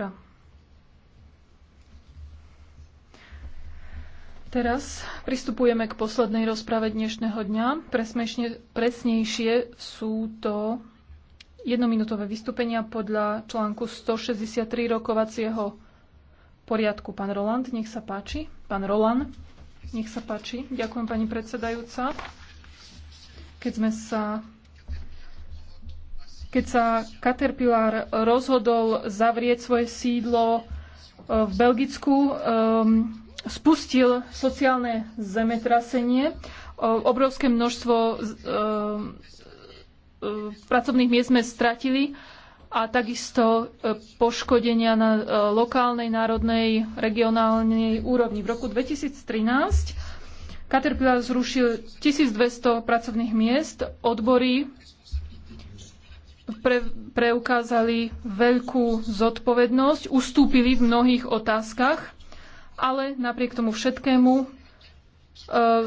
Petra. Teraz pristupujeme k poslednej rozprave dnešného dňa. Presmešne, presnejšie sú to jednominútové vystúpenia podľa článku 163 rokovacieho poriadku. Pán Roland, nech sa páči. Pán Roland, nech sa páči. Ďakujem, pani predsedajúca. Keď sme sa keď sa Caterpillar rozhodol zavrieť svoje sídlo e, v Belgicku, e, spustil sociálne zemetrasenie. E, obrovské množstvo pracovných miest sme stratili a takisto poškodenia na lokálnej, národnej, regionálnej úrovni. V roku 2013 Caterpillar zrušil 1200 pracovných miest, odbory pre, preukázali veľkú zodpovednosť, ustúpili v mnohých otázkach, ale napriek tomu všetkému e,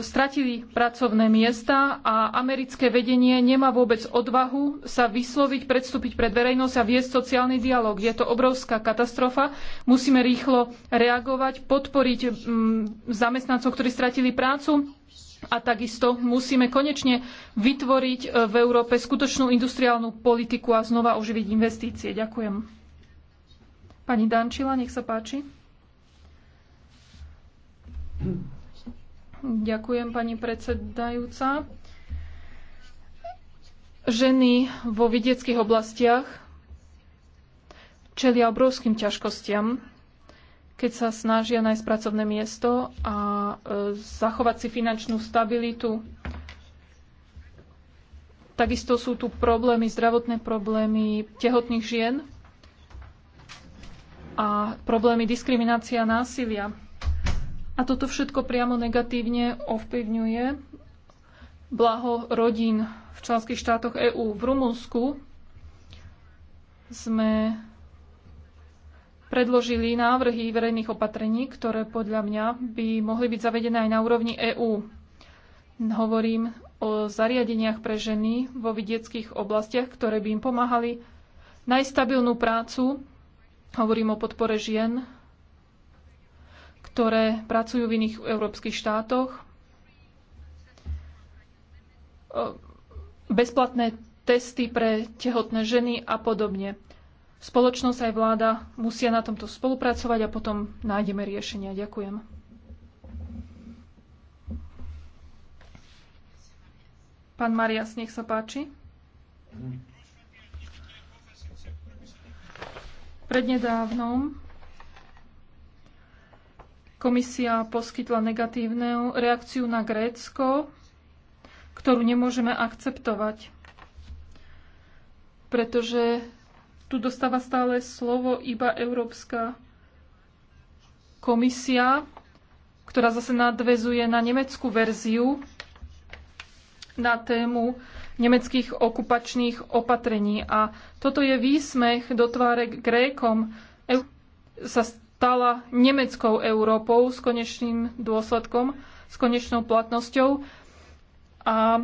stratili pracovné miesta a americké vedenie nemá vôbec odvahu sa vysloviť, predstúpiť pred verejnosť a viesť sociálny dialog. Je to obrovská katastrofa. Musíme rýchlo reagovať, podporiť mm, zamestnancov, ktorí stratili prácu a takisto musíme konečne vytvoriť e, v Európe skutočnú industriálnu politiku a znova oživiť investície. Ďakujem. Pani Dančila, nech sa páči. Ďakujem, pani predsedajúca. Ženy vo vidieckých oblastiach čelia obrovským ťažkostiam keď sa snažia nájsť pracovné miesto a e, zachovať si finančnú stabilitu. Takisto sú tu problémy, zdravotné problémy tehotných žien a problémy diskriminácia a násilia. A toto všetko priamo negatívne ovplyvňuje blaho rodín v členských štátoch EÚ. V Rumunsku sme predložili návrhy verejných opatrení, ktoré podľa mňa by mohli byť zavedené aj na úrovni EÚ. Hovorím o zariadeniach pre ženy vo vidieckých oblastiach, ktoré by im pomáhali najstabilnú stabilnú prácu. Hovorím o podpore žien, ktoré pracujú v iných európskych štátoch. Bezplatné testy pre tehotné ženy a podobne spoločnosť aj vláda musia na tomto spolupracovať a potom nájdeme riešenia. Ďakujem. Pán Marias, nech sa páči. Prednedávnom komisia poskytla negatívnu reakciu na Grécko, ktorú nemôžeme akceptovať, pretože tu dostáva stále slovo iba Európska komisia, ktorá zase nadvezuje na nemeckú verziu na tému nemeckých okupačných opatrení. A toto je výsmech do tváre Grékom. E- sa stala nemeckou Európou s konečným dôsledkom, s konečnou platnosťou. A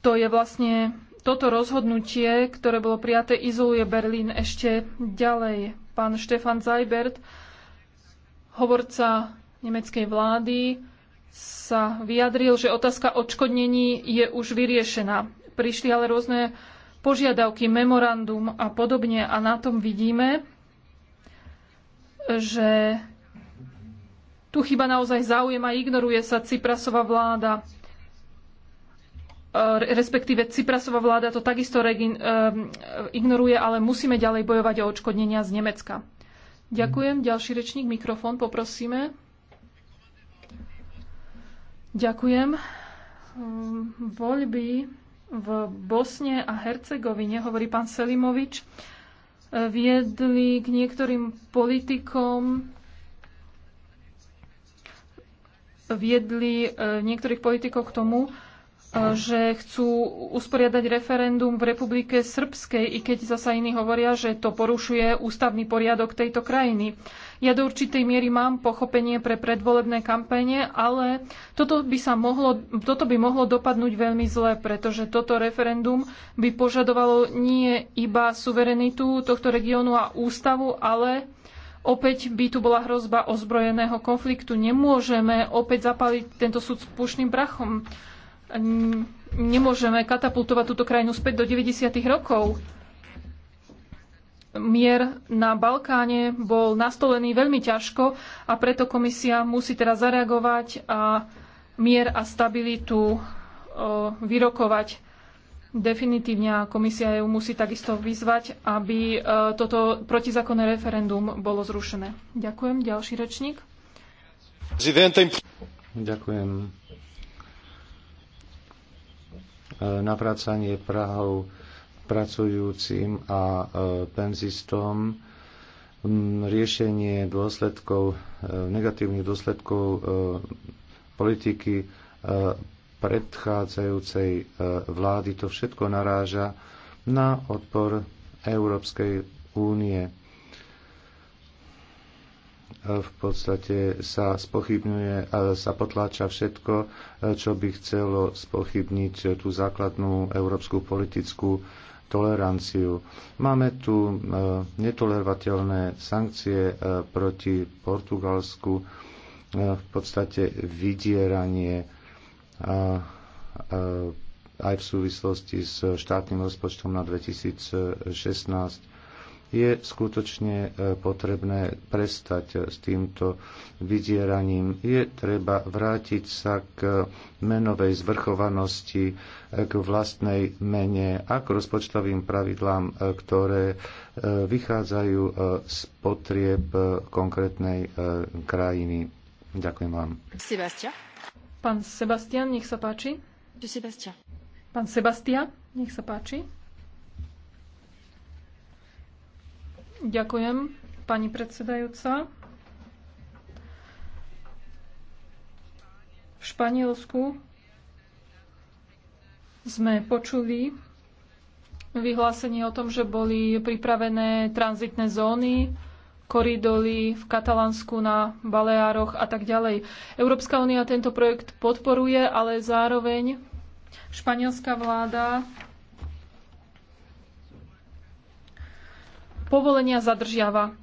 to je vlastne toto rozhodnutie, ktoré bolo prijaté, izoluje Berlín ešte ďalej. Pán Štefan Zajbert, hovorca nemeckej vlády, sa vyjadril, že otázka odškodnení je už vyriešená. Prišli ale rôzne požiadavky, memorandum a podobne a na tom vidíme, že tu chyba naozaj záujem a ignoruje sa Ciprasová vláda. E, respektíve Ciprasová vláda to takisto regin, e, ignoruje, ale musíme ďalej bojovať o odškodnenia z Nemecka. Ďakujem. Ďalší rečník, mikrofón, poprosíme. Ďakujem. Ehm, voľby v Bosne a Hercegovine, hovorí pán Selimovič, e, viedli k niektorým politikom, viedli niektorých politikov k tomu, že chcú usporiadať referendum v Republike Srbskej, i keď zasa iní hovoria, že to porušuje ústavný poriadok tejto krajiny. Ja do určitej miery mám pochopenie pre predvolebné kampéne, ale toto by, sa mohlo, toto by mohlo dopadnúť veľmi zle, pretože toto referendum by požadovalo nie iba suverenitu tohto regiónu a ústavu, ale opäť by tu bola hrozba ozbrojeného konfliktu. Nemôžeme opäť zapaliť tento súd s pušným prachom nemôžeme katapultovať túto krajinu späť do 90. rokov. Mier na Balkáne bol nastolený veľmi ťažko a preto komisia musí teraz zareagovať a mier a stabilitu vyrokovať definitívne a komisia ju musí takisto vyzvať, aby toto protizákonné referendum bolo zrušené. Ďakujem. Ďalší rečník. Ďakujem. E, navrácanie Prahov pracujúcim a e, penzistom, riešenie dôsledkov, e, negatívnych dôsledkov politiky predchádzajúcej vlády. To všetko naráža na odpor Európskej únie v podstate sa spochybňuje, sa potláča všetko, čo by chcelo spochybniť tú základnú európsku politickú toleranciu. Máme tu eh, netolerovateľné sankcie eh, proti Portugalsku, eh, v podstate vydieranie aj v súvislosti s štátnym rozpočtom na 2016 je skutočne e, potrebné prestať e, s týmto vydieraním. Je treba vrátiť sa k menovej zvrchovanosti, e, k vlastnej mene a k rozpočtovým pravidlám, ktoré vychádzajú z potrieb konkrétnej krajiny. Ďakujem vám. Sebastia. Pán Sebastian, nech sa páči. Pán Sebastian, nech sa páči. Ďakujem, pani predsedajúca. V Španielsku sme počuli vyhlásenie o tom, že boli pripravené tranzitné zóny, koridory v Katalánsku, na Baleároch a tak ďalej. Európska únia tento projekt podporuje, ale zároveň španielská vláda povolenia zadržiava.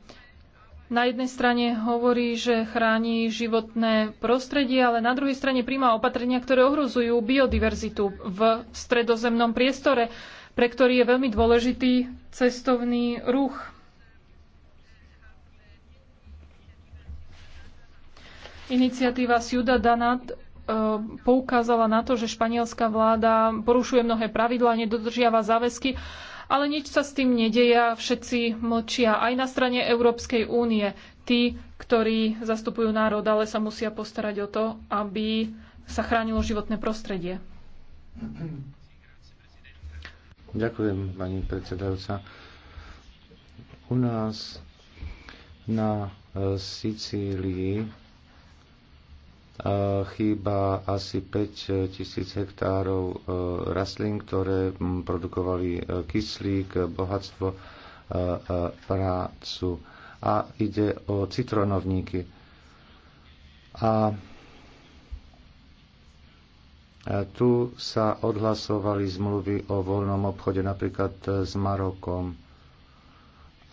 Na jednej strane hovorí, že chráni životné prostredie, ale na druhej strane príjma opatrenia, ktoré ohrozujú biodiverzitu v stredozemnom priestore, pre ktorý je veľmi dôležitý cestovný ruch. Iniciatíva Ciudad Danat e, poukázala na to, že španielská vláda porušuje mnohé pravidlá, nedodržiava záväzky ale nič sa s tým nedeja, všetci mlčia aj na strane Európskej únie. Tí, ktorí zastupujú národ, ale sa musia postarať o to, aby sa chránilo životné prostredie. Ďakujem, pani predsedajúca. U nás na e, Sicílii chýba asi 5 e, tisíc hektárov e, rastlín, ktoré produkovali e, kyslík, bohatstvo, prácu. A ide o citronovníky. A tu sa odhlasovali zmluvy o voľnom obchode napríklad s Marokom.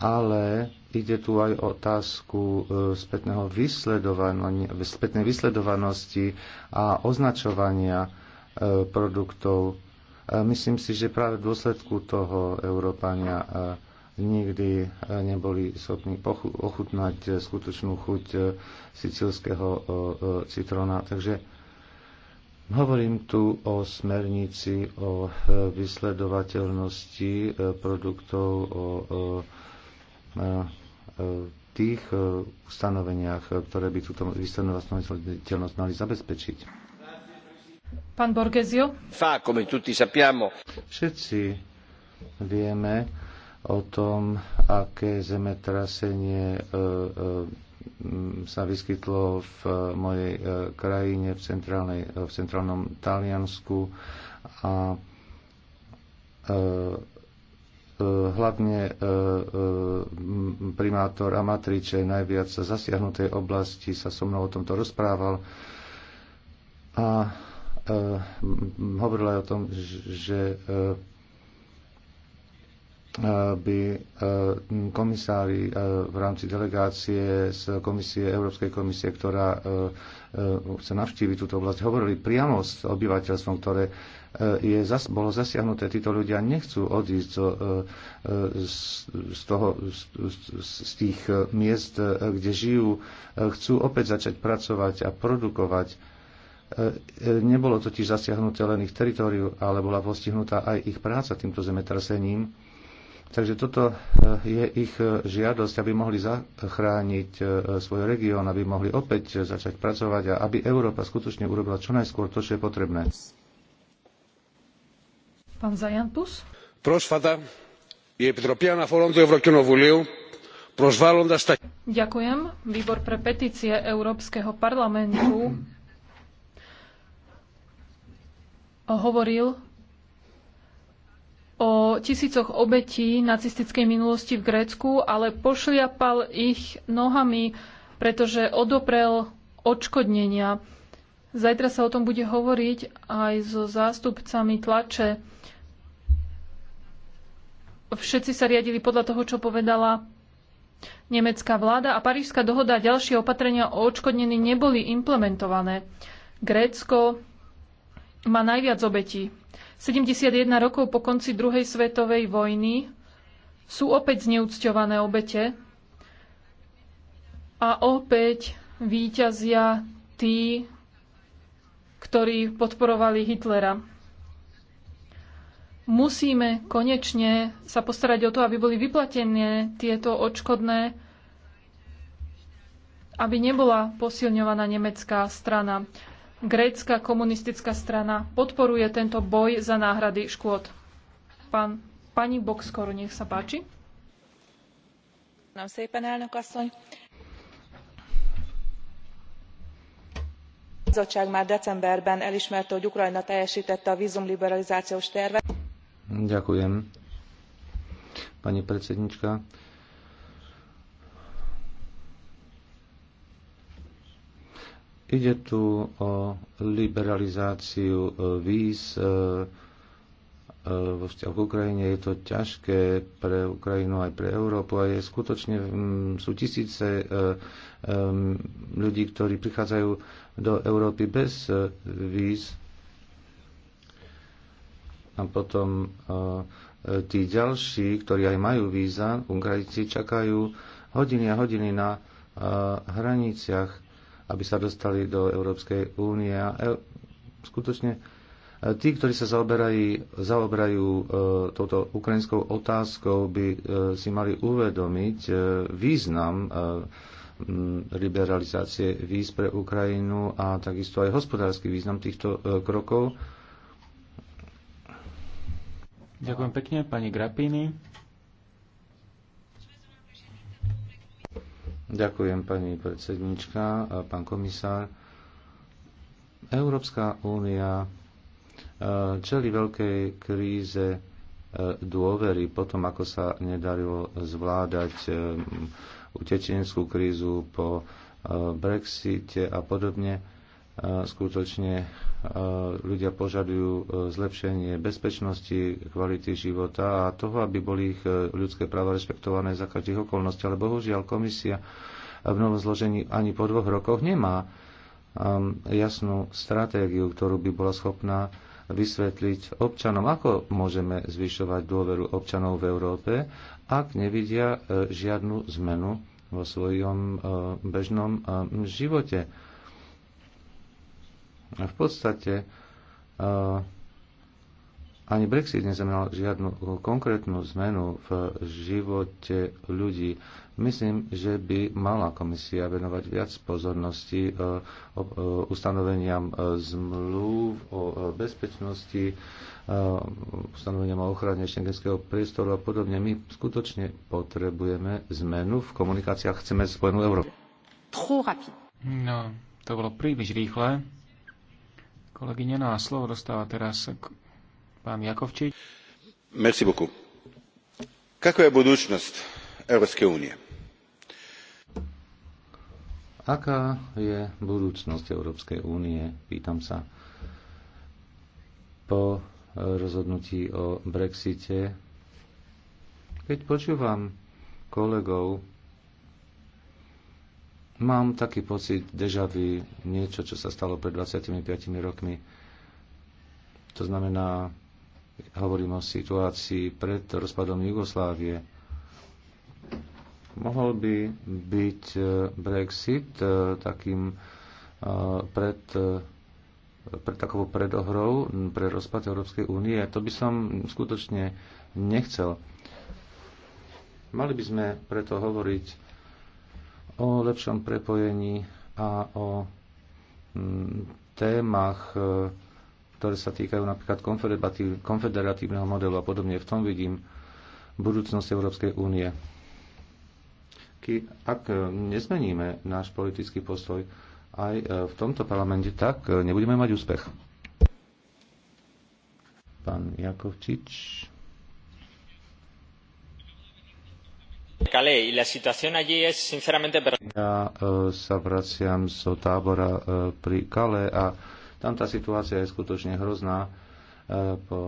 Ale Ide tu aj o otázku e, spätného spätnej vysledovanosti a označovania e, produktov. E, myslím si, že práve v dôsledku toho Európania nikdy neboli schopní ochutnať skutočnú chuť sicilského citrona. Takže hovorím tu o smernici, o vysledovateľnosti produktov, o tých e, ustanoveniach, e, ktoré by túto výslednú vlastnú mali zabezpečiť. Pán Borgesio? Fa, come tutti sappiamo. Všetci vieme o tom, aké zemetrasenie e, sa vyskytlo v mojej krajine, v, v centrálnom Taliansku a E, hlavne e, e, primátor Amatriče, najviac zasiahnutej oblasti, sa so mnou o tomto rozprával a hovorila aj o tom, že by eh, komisári eh, v rámci delegácie z komisie, Európskej komisie, ktorá eh, chce navštíviť túto oblasť, hovorili priamo s obyvateľstvom, ktoré je, bolo zasiahnuté. Títo ľudia nechcú odísť z, z, toho, z, z tých miest, kde žijú. Chcú opäť začať pracovať a produkovať. Nebolo totiž zasiahnuté len ich teritoriu, ale bola postihnutá aj ich práca týmto zemetrasením Takže toto e, je ich e, žiadosť, aby mohli zachrániť e, svoj región, aby mohli opäť začať pracovať a aby Európa skutočne urobila čo najskôr to, čo je potrebné. Pán Zajantus? Prosfata, η Επιτροπή Αναφορών του Ευρωκοινοβουλίου προσβάλλοντας τα... Ďakujem. Výbor pre petície Európskeho parlamentu hovoril o tisícoch obetí nacistickej minulosti v Grécku, ale pošliapal ich nohami, pretože odoprel odškodnenia. Zajtra sa o tom bude hovoriť aj so zástupcami tlače. Všetci sa riadili podľa toho, čo povedala nemecká vláda a Parížská dohoda a ďalšie opatrenia o odškodnení neboli implementované. Grécko má najviac obetí 71 rokov po konci druhej svetovej vojny sú opäť zneúcťované obete a opäť výťazia tí, ktorí podporovali Hitlera. Musíme konečne sa postarať o to, aby boli vyplatené tieto odškodné, aby nebola posilňovaná nemecká strana. Grécka komunistická strana podporuje tento boj za náhrady škôd. Pán, pani Boxkoru, nech sa páči. a bizottság már decemberben elismerte hogy ukrajna teljestette a vízumliberalizációs tervet. Ďakujem. Pani predsednička, Ide tu o liberalizáciu e, víz e, e, vo vzťahu k Ukrajine. Je to ťažké pre Ukrajinu aj pre Európu a je skutočne, sú tisíce ľudí, ktorí prichádzajú do Európy bez víz a potom tí ďalší, ktorí aj majú víza, Ukrajinci čakajú hodiny a hodiny na hraniciach aby sa dostali do Európskej únie. A e, skutočne e, tí, ktorí sa zaoberajú, zaoberajú e, touto ukrajinskou otázkou, by si mali uvedomiť význam liberalizácie víz pre Ukrajinu a takisto aj hospodársky význam týchto krokov. Ďakujem pekne, pani Grapini. Ďakujem pani predsednička a pán komisár. Európska únia e, čeli veľkej kríze e, dôvery potom, ako sa nedarilo zvládať e, utečenskú krízu po Brexite a podobne. Skutočne ľudia požadujú e, zlepšenie bezpečnosti, kvality života a toho, aby boli ich e, ľudské práva rešpektované za každých okolností. Ale bohužiaľ komisia v novom zložení ani po dvoch rokoch nemá um, jasnú stratégiu, ktorú by bola schopná vysvetliť občanom, ako môžeme zvyšovať dôveru občanov v Európe, ak nevidia e, žiadnu zmenu vo svojom bežnom živote v podstate ani Brexit neznamenal žiadnu konkrétnu zmenu v živote ľudí. Myslím, že by mala komisia venovať viac pozornosti e, e, ustanoveniam e, zmluv o bezpečnosti, ustanoveniam o ochrane šengenského priestoru a podobne. My skutočne potrebujeme zmenu v komunikáciách, chceme spojenú Európu. No, to bolo príliš rýchle kolegyne. No a slovo dostáva teraz pán Jakovčič. Merci beaucoup. Kako je budúcnosť Európskej únie? Aká je budúcnosť Európskej únie? Pýtam sa. Po rozhodnutí o Brexite, keď počúvam kolegov Mám taký pocit deja vu, niečo, čo sa stalo pred 25 rokmi. To znamená, hovorím o situácii pred rozpadom Jugoslávie. Mohol by byť e, Brexit e, takým e, pred, pred takovou predohrou pre rozpad Európskej únie. To by som skutočne nechcel. Mali by sme preto hovoriť o lepšom prepojení a o mm, témach, e, ktoré sa týkajú napríklad konfederatívneho modelu a podobne. V tom vidím budúcnosť Európskej únie. Ak e, nezmeníme náš politický postoj aj e, v tomto parlamente, tak nebudeme mať úspech. Pán Jakovčič. Ja e, sa vraciam zo tábora e, pri Kale a tam tá situácia je skutočne hrozná. E, po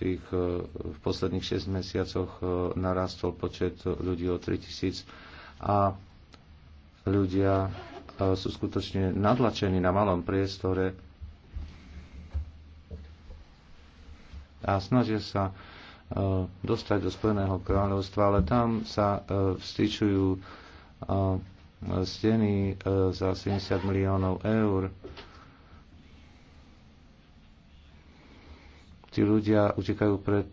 tých v posledných 6 mesiacoch narastol počet ľudí o 3000 a ľudia sú skutočne nadlačení na malom priestore a snažia sa Eh, dostať do Spojeného kráľovstva, ale tam sa eh, vstýčujú eh, steny za 70 miliónov eur. Tí ľudia utekajú pred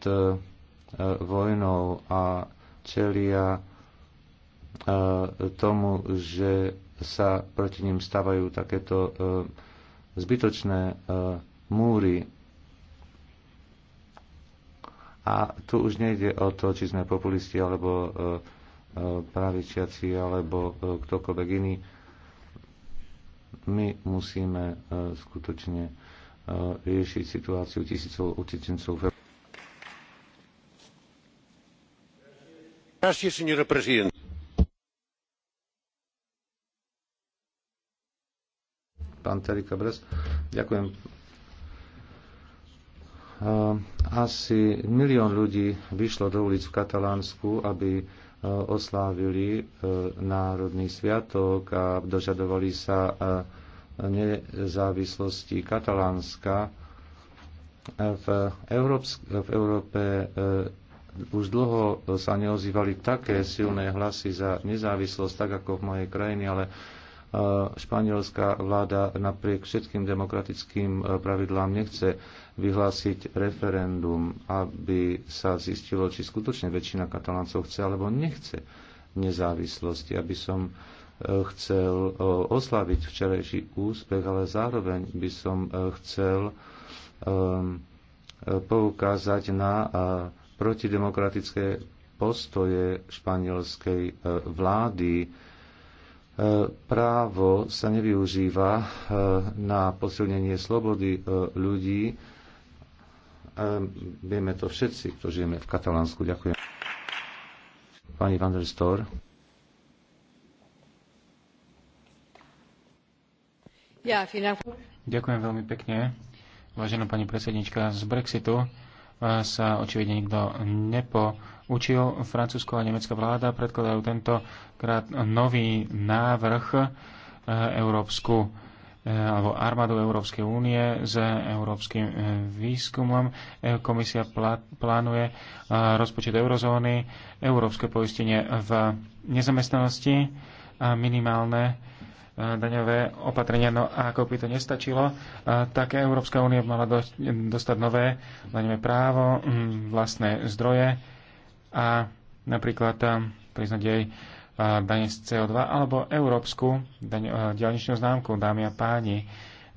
vojnou a čelia tomu, že sa proti ním stavajú takéto zbytočné múry a tu už nejde o to, či sme populisti alebo e, e, pravičiaci alebo e, ktokoľvek iný. My musíme skutočne riešiť situáciu tisícov utečencov. Pán Terika Bres. Ďakujem, Eh, asi milión ľudí vyšlo do ulic v Katalánsku, aby eh, oslávili eh, národný sviatok a dožadovali sa nezávislosti Katalánska. V, Európsk- v Európe už dlho sa neozývali také silné hlasy za nezávislosť, tak ako v mojej krajine, ale španielská vláda napriek všetkým demokratickým e, pravidlám nechce vyhlásiť referendum, aby sa zistilo, či skutočne väčšina kataláncov chce alebo nechce nezávislosti, Aby som e, chcel e, oslaviť včerajší úspech, ale zároveň by som chcel poukázať na protidemokratické postoje španielskej vlády, E, právo sa nevyužíva e, na posilnenie slobody e, ľudí. Vieme to všetci, kto žijeme v Katalánsku. Ďakujem. Pani van der Stor. Ja, Ďakujem veľmi pekne. Vážená pani predsednička, z Brexitu sa očividne nikto nepoučil. Francúzsko a nemecká vláda predkladajú tentokrát nový návrh e, Európsku e, alebo armádu Európskej únie s európskym e, výskumom. Komisia plánuje rozpočet eurozóny, európske poistenie v nezamestnanosti a minimálne daňové opatrenia. No a ako by to nestačilo, tak Európska únia mala dostať nové daňové právo, mm, vlastné zdroje a napríklad priznať jej dane z CO2 alebo európsku diálničnú známku, dámy a páni.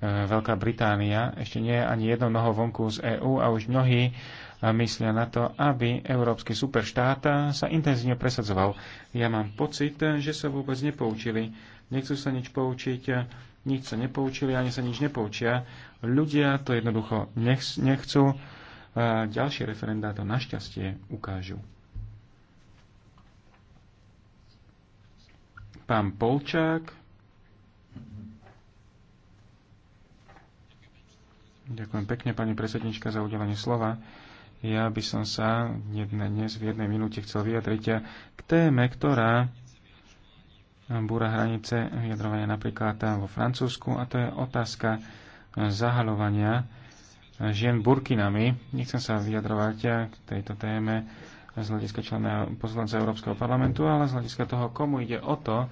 Veľká Británia ešte nie je ani jednou nohou vonku z EÚ a už mnohí myslia na to, aby európsky superštát sa intenzívne presadzoval. Ja mám pocit, že sa vôbec nepoučili nechcú sa nič poučiť, nič sa nepoučili, ani sa nič nepoučia. Ľudia to jednoducho nech, nechcú. A ďalšie referendá to našťastie ukážu. Pán Polčák. Ďakujem pekne, pani predsednička, za udelenie slova. Ja by som sa dnes v jednej minúte chcel vyjadriť k téme, ktorá búra hranice vyjadrovania napríklad vo Francúzsku a to je otázka zahalovania žien burkinami. Nechcem sa vyjadrovať k tejto téme z hľadiska člena poslanca Európskeho parlamentu, ale z hľadiska toho, komu ide o to,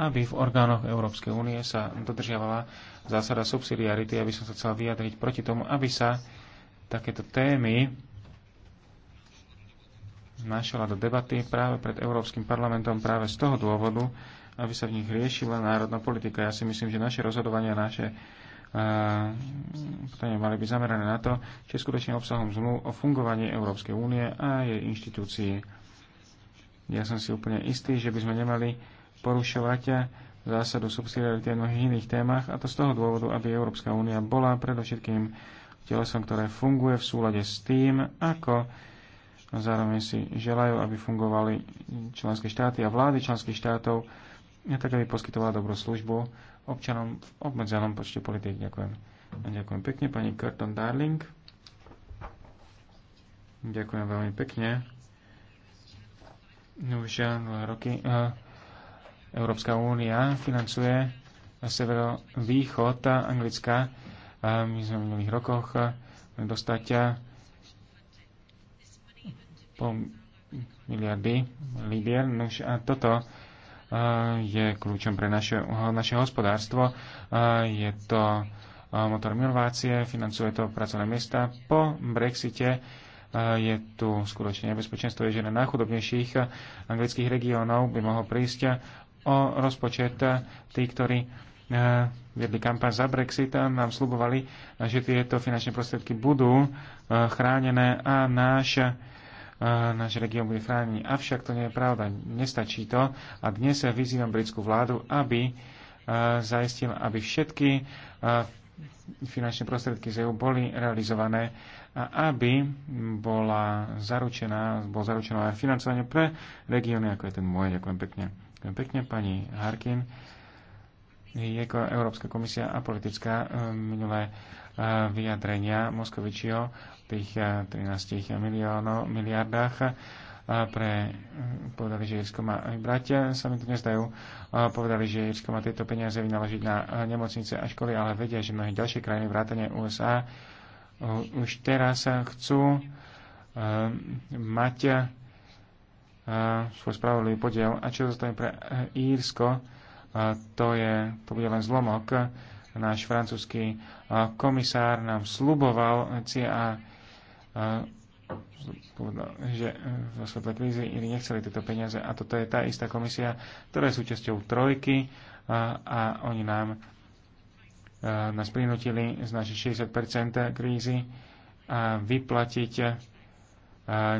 aby v orgánoch Európskej únie sa dodržiavala zásada subsidiarity, aby som sa chcel vyjadriť proti tomu, aby sa takéto témy našla do debaty práve pred Európskym parlamentom práve z toho dôvodu, aby sa v nich riešila národná politika. Ja si myslím, že naše rozhodovania, naše uh, mali byť zamerané na to, čo je skutočne obsahom zmluv o fungovaní Európskej únie a jej inštitúcií. Ja som si úplne istý, že by sme nemali porušovať zásadu subsidiarity v mnohých iných témach, a to z toho dôvodu, aby Európska únia bola predovšetkým telesom, ktoré funguje v súlade s tým, ako zároveň si želajú, aby fungovali členské štáty a vlády členských štátov tak aby poskytovala dobrú službu občanom v obmedzenom počte politik. Ďakujem. A ďakujem pekne pani Curtin Darling. Ďakujem veľmi pekne. Už eh, dva roky eh, Európska únia financuje severovýchod Anglická. Uh, eh, My sme v minulých rokoch uh, dostať uh, pol miliardy libier. Nuž a toto je kľúčom pre naše, naše hospodárstvo. Je to motor inovácie, financuje to pracovné miesta. Po Brexite je tu skutočne nebezpečenstvo, že na najchudobnejších anglických regiónov by mohol prísť o rozpočet tí, ktorí viedli kampaň za Brexit a nám slubovali, že tieto finančné prostriedky budú chránené a náš náš región bude chránený. Avšak to nie je pravda, nestačí to a dnes sa vyzývam britskú vládu, aby e, zaistil, aby všetky e, finančné prostriedky z EU boli realizované a aby bola zaručená, bolo zaručené aj financovanie pre regióny, ako je ten môj. Ďakujem pekne. Ďakujem pekne, pani Harkin. Európska komisia a politická e, minulé E, vyjadrenia Moskovičiho tých 13 e, miliónov, miliardách e, pre, povedali, že Irsko má aj bratia, sa mi to nezdajú, povedali, že Irsko má tieto peniaze vynaložiť na nemocnice a školy, ale vedia, že mnohé ďalšie krajiny vrátane USA už teraz chcú mať svoj spravodlivý podiel. A čo zostane pre Írsko, to, je, to bude len zlomok náš francúzsky e, komisár nám sluboval e, a e, že v svetle krízy ili nechceli tieto peniaze a toto je tá istá komisia, ktorá je súčasťou trojky a, a oni nám a, nás prinútili z našich 60% krízy a vyplatiť a,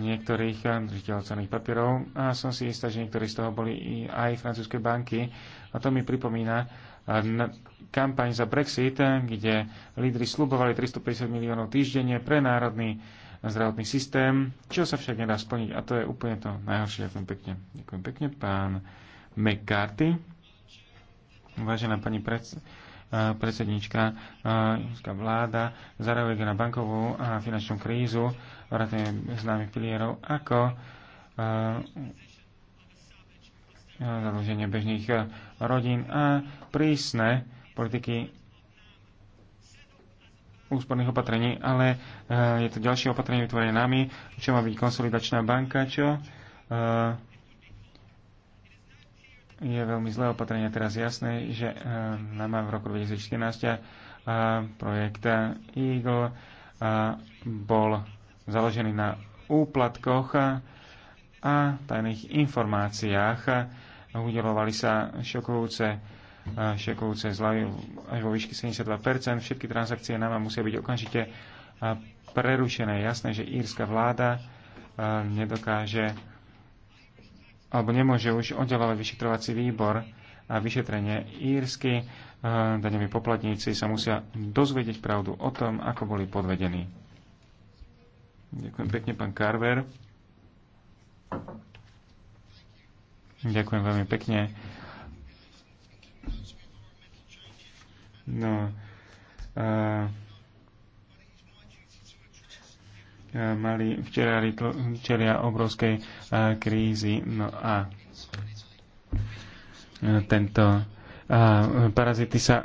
niektorých držiteľov cených papierov a som si istá, že niektorí z toho boli aj francúzske banky a to mi pripomína kampaň za Brexit, kde lídry slubovali 350 miliónov týždenne pre národný zdravotný systém, čo sa však nedá splniť. A to je úplne to najhoršie. Ďakujem pekne. Ďakujem pekne, pán McCarthy. Vážená pani preds- eh, predsednička, uh, vláda zareaguje na bankovú a finančnú krízu, vrátane známych pilierov, ako uh, E, založenie bežných e, rodín a prísne politiky úsporných opatrení, ale e, je to ďalšie opatrenie vytvorené nami, čo má byť konsolidačná banka, čo je veľmi zlé opatrenie. Teraz jasné, že nám v roku 2014 projekt Eagle bol založený na úplatkoch a tajných informáciách udelovali sa šokujúce, šokujúce zľavy až vo výšky 72%. Všetky transakcie nám musia byť okamžite prerušené. Jasné, že írska vláda nedokáže alebo nemôže už oddelovať vyšetrovací výbor a vyšetrenie írsky. Daňoví poplatníci sa musia dozvedieť pravdu o tom, ako boli podvedení. Ďakujem pekne, pán Carver. Ďakujem veľmi pekne. No, uh, mali včera čelia obrovskej uh, krízy. No a tento a parazity sa,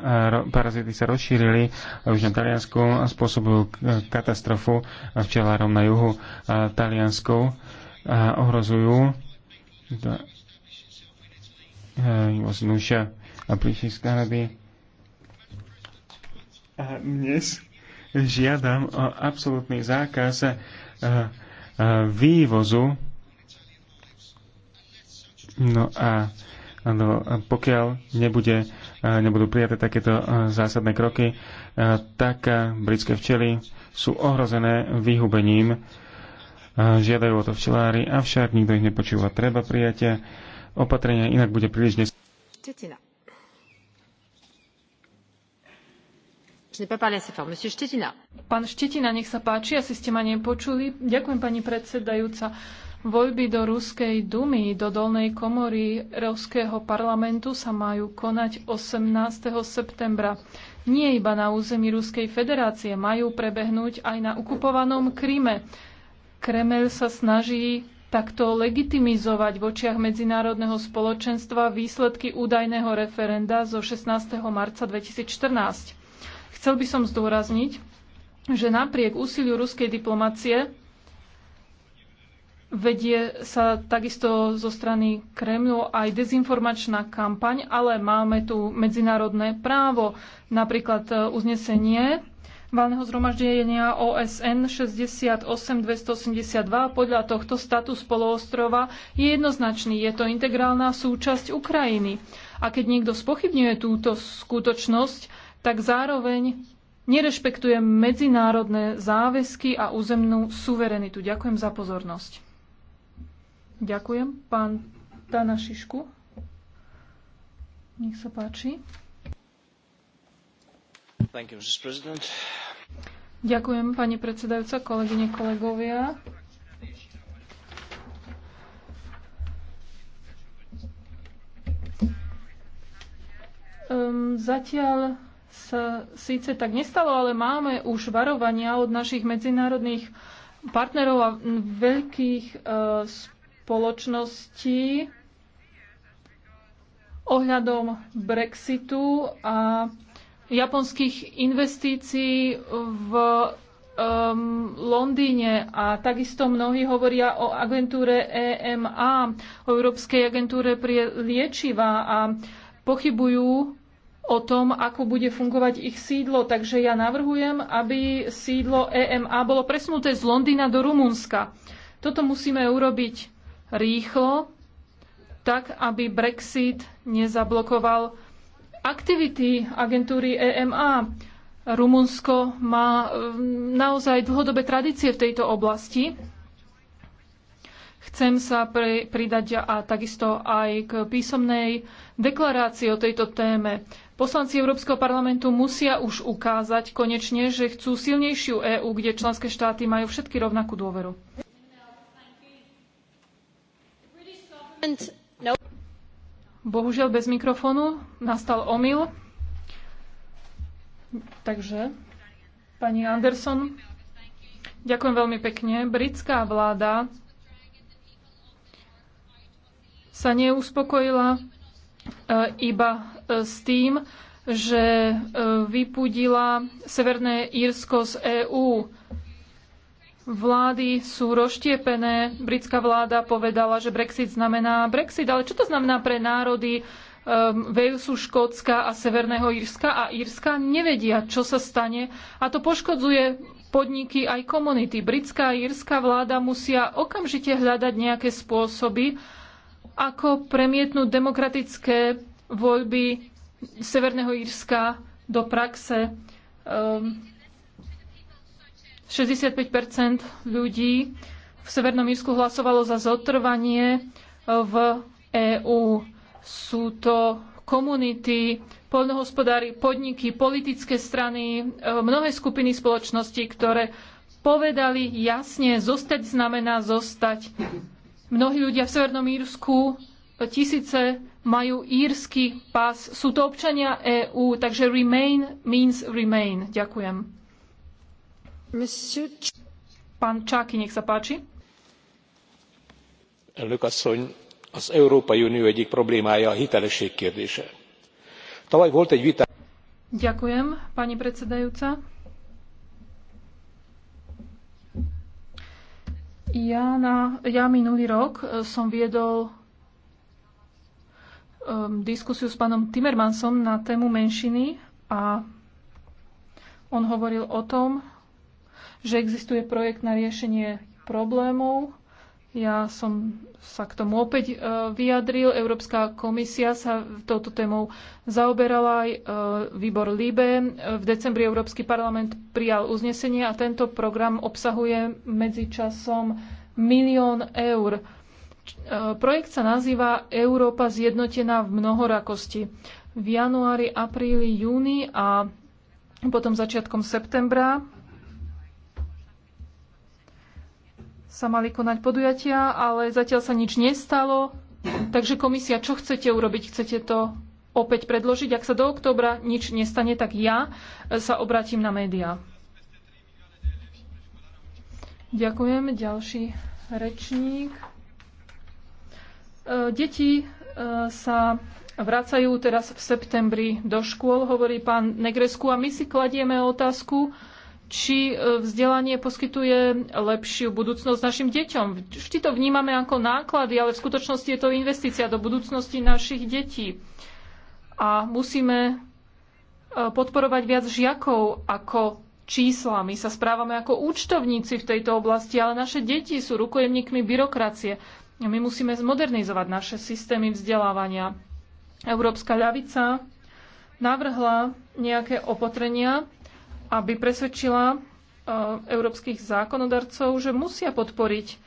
parazity sa rozšírili už na Taliansku a spôsobujú katastrofu včelárom na juhu Taliansku a ohrozujú he was Nusha a prišiel z Kanady. A dnes žiadam o absolútny zákaz eh, eh, vývozu. No a No, pokiaľ nebude, eh, nebudú prijaté takéto zásadné kroky, tak britské včely sú ohrozené vyhubením. Žiadajú o to včelári, avšak nikto ich nepočúva. Treba prijatia opatrenia, inak bude príliš nes... Štetina. Pán Štetina, nech sa páči, asi ste ma nepočuli. Ďakujem, pani predsedajúca. Voľby do Ruskej dumy, do dolnej komory Ruského parlamentu sa majú konať 18. septembra. Nie iba na území Ruskej federácie, majú prebehnúť aj na okupovanom Kryme. Kremel sa snaží takto legitimizovať v očiach medzinárodného spoločenstva výsledky údajného referenda zo 16. marca 2014. Chcel by som zdôrazniť, že napriek úsiliu ruskej diplomacie vedie sa takisto zo strany Kremlu aj dezinformačná kampaň, ale máme tu medzinárodné právo, napríklad uznesenie valného zhromaždenia OSN 68282. Podľa tohto status poloostrova je jednoznačný. Je to integrálna súčasť Ukrajiny. A keď niekto spochybňuje túto skutočnosť, tak zároveň nerešpektuje medzinárodné záväzky a územnú suverenitu. Ďakujem za pozornosť. Ďakujem. Pán Šišku. Nech sa páči. Ďakujem, pani predsedajúca, kolegyne, kolegovia. Ehm, zatiaľ sa síce tak nestalo, ale máme už varovania od našich medzinárodných partnerov a veľkých e, spoločností ohľadom Brexitu a japonských investícií v um, Londýne a takisto mnohí hovoria o agentúre EMA, o Európskej agentúre pre liečiva a pochybujú o tom, ako bude fungovať ich sídlo. Takže ja navrhujem, aby sídlo EMA bolo presunuté z Londýna do Rumunska. Toto musíme urobiť rýchlo, tak aby Brexit nezablokoval aktivity agentúry EMA. Rumunsko má um, naozaj dlhodobé tradície v tejto oblasti. Chcem sa pre, pridať a takisto aj k písomnej deklarácii o tejto téme. Poslanci Európskeho parlamentu musia už ukázať konečne, že chcú silnejšiu EÚ, kde členské štáty majú všetky rovnakú dôveru. Bohužiaľ bez mikrofónu nastal omyl. Takže, pani Anderson, ďakujem veľmi pekne. Britská vláda sa neuspokojila e, iba e, s tým, že e, vypudila Severné Írsko z EÚ. Vlády sú roštiepené. Britská vláda povedala, že Brexit znamená Brexit, ale čo to znamená pre národy um, ehm, Walesu, Škótska a Severného Írska? A Írska nevedia, čo sa stane a to poškodzuje podniky aj komunity. Britská a írska vláda musia okamžite hľadať nejaké spôsoby, ako premietnúť demokratické voľby Severného Írska do praxe. Um, 65 ľudí v Severnom Írsku hlasovalo za zotrvanie v EÚ. Sú to komunity, poľnohospodári, podniky, politické strany, e, mnohé skupiny spoločnosti, ktoré povedali jasne, zostať znamená zostať. Mnohí ľudia v Severnom Írsku, e, tisíce majú írsky pás. Sú to občania EÚ, takže remain means remain. Ďakujem. Elnök asszony, az Európai Unió egyik problémája a hitelesség kérdése. Tavaly volt egy vita... Ďakujem, pani predsedajúca. Ja, minulý rok eh, som viedol ehm, diskusiu s pánom Timmermansom na tému menšiny a on hovoril o tom, že existuje projekt na riešenie problémov. Ja som sa k tomu opäť e, vyjadril. Európska komisia sa touto témou zaoberala aj e, výbor LIBE. E, v decembri Európsky parlament prijal uznesenie a tento program obsahuje medzičasom milión eur. Projekt sa nazýva Európa zjednotená v mnohorakosti. V januári, apríli, júni a potom začiatkom septembra sa mali konať podujatia, ale zatiaľ sa nič nestalo. Takže komisia, čo chcete urobiť? Chcete to opäť predložiť? Ak sa do októbra nič nestane, tak ja sa obrátim na médiá. Ďakujem. Ďalší rečník. E, deti e, sa vracajú teraz v septembri do škôl, hovorí pán Negresku, a my si kladieme otázku, či e, vzdelanie poskytuje lepšiu budúcnosť našim deťom. Vždy to vnímame ako náklady, ale v skutočnosti je to investícia do budúcnosti našich detí. A musíme e, podporovať viac žiakov ako čísla. My sa správame ako účtovníci v tejto oblasti, ale naše deti sú rukojemníkmi byrokracie. My musíme zmodernizovať naše systémy vzdelávania. Európska ľavica navrhla nejaké opatrenia, aby presvedčila e, európskych zákonodarcov, že musia podporiť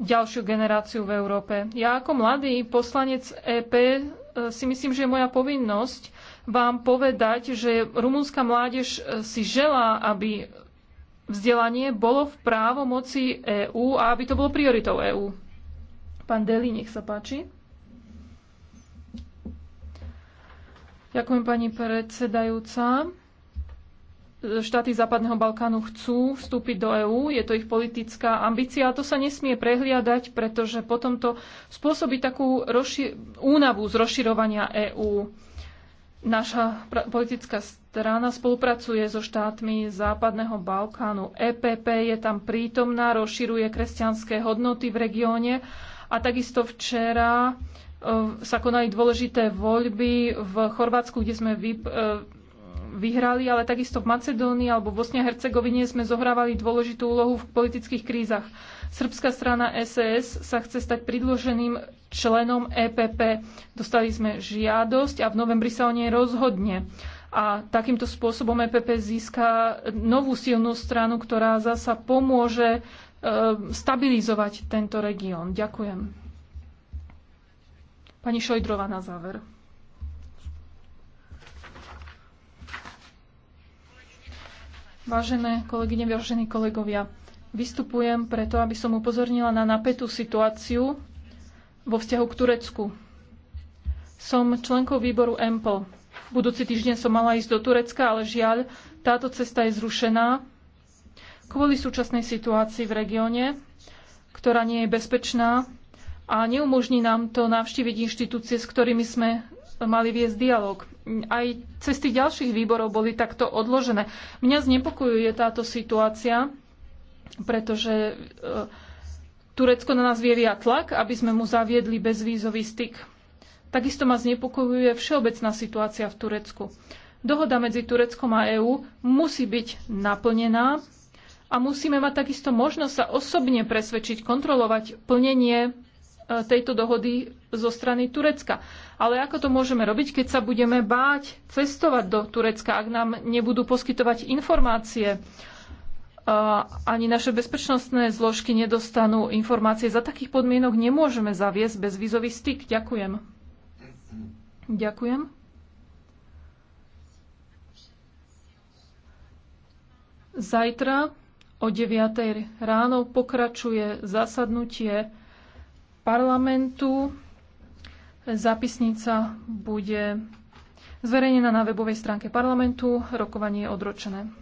ďalšiu generáciu v Európe. Ja ako mladý poslanec EP e, si myslím, že je moja povinnosť vám povedať, že rumúnska mládež e, si želá, aby vzdelanie bolo v právomoci EÚ a aby to bolo prioritou EÚ. Pán Deli, nech sa páči. Ďakujem pani predsedajúca štáty Západného Balkánu chcú vstúpiť do EÚ, je to ich politická ambícia a to sa nesmie prehliadať, pretože potom to spôsobí takú únavu z rozširovania EÚ. Naša politická strana spolupracuje so štátmi Západného Balkánu. EPP je tam prítomná, rozširuje kresťanské hodnoty v regióne a takisto včera e, sa konali dôležité voľby v Chorvátsku, kde sme vyp- e, vyhrali, ale takisto v Macedónii alebo v Bosne a Hercegovine sme zohrávali dôležitú úlohu v politických krízach. Srbská strana SES e sa chce stať pridloženým členom EPP. Dostali sme žiadosť a v novembri sa o nej rozhodne. A takýmto spôsobom EPP získa novú silnú stranu, ktorá zasa pomôže e, stabilizovať tento región. Ďakujem. Pani Šojdrova na záver. Vážené kolegyne, vážení kolegovia, vystupujem preto, aby som upozornila na napätú situáciu vo vzťahu k Turecku. Som členkou výboru EMPL. Budúci týždeň som mala ísť do Turecka, ale žiaľ, táto cesta je zrušená kvôli súčasnej situácii v regióne, ktorá nie je bezpečná a neumožní nám to navštíviť inštitúcie, s ktorými sme mali viesť dialog. Aj cesty ďalších výborov boli takto odložené. Mňa znepokojuje táto situácia, pretože e, Turecko na nás vyvia tlak, aby sme mu zaviedli bezvízový styk. Takisto ma znepokojuje všeobecná situácia v Turecku. Dohoda medzi Tureckom a EÚ musí byť naplnená a musíme mať takisto možnosť sa osobne presvedčiť, kontrolovať plnenie E, tejto dohody zo strany Turecka. Ale ako to môžeme robiť, keď sa budeme báť cestovať do Turecka, ak nám nebudú poskytovať informácie? E, ani naše bezpečnostné zložky nedostanú informácie. Za takých podmienok nemôžeme zaviesť bezvízový styk. Ďakujem. Ďakujem. Zajtra o 9. ráno pokračuje zasadnutie parlamentu. Zapisnica bude zverejnená na webovej stránke parlamentu. Rokovanie je odročené.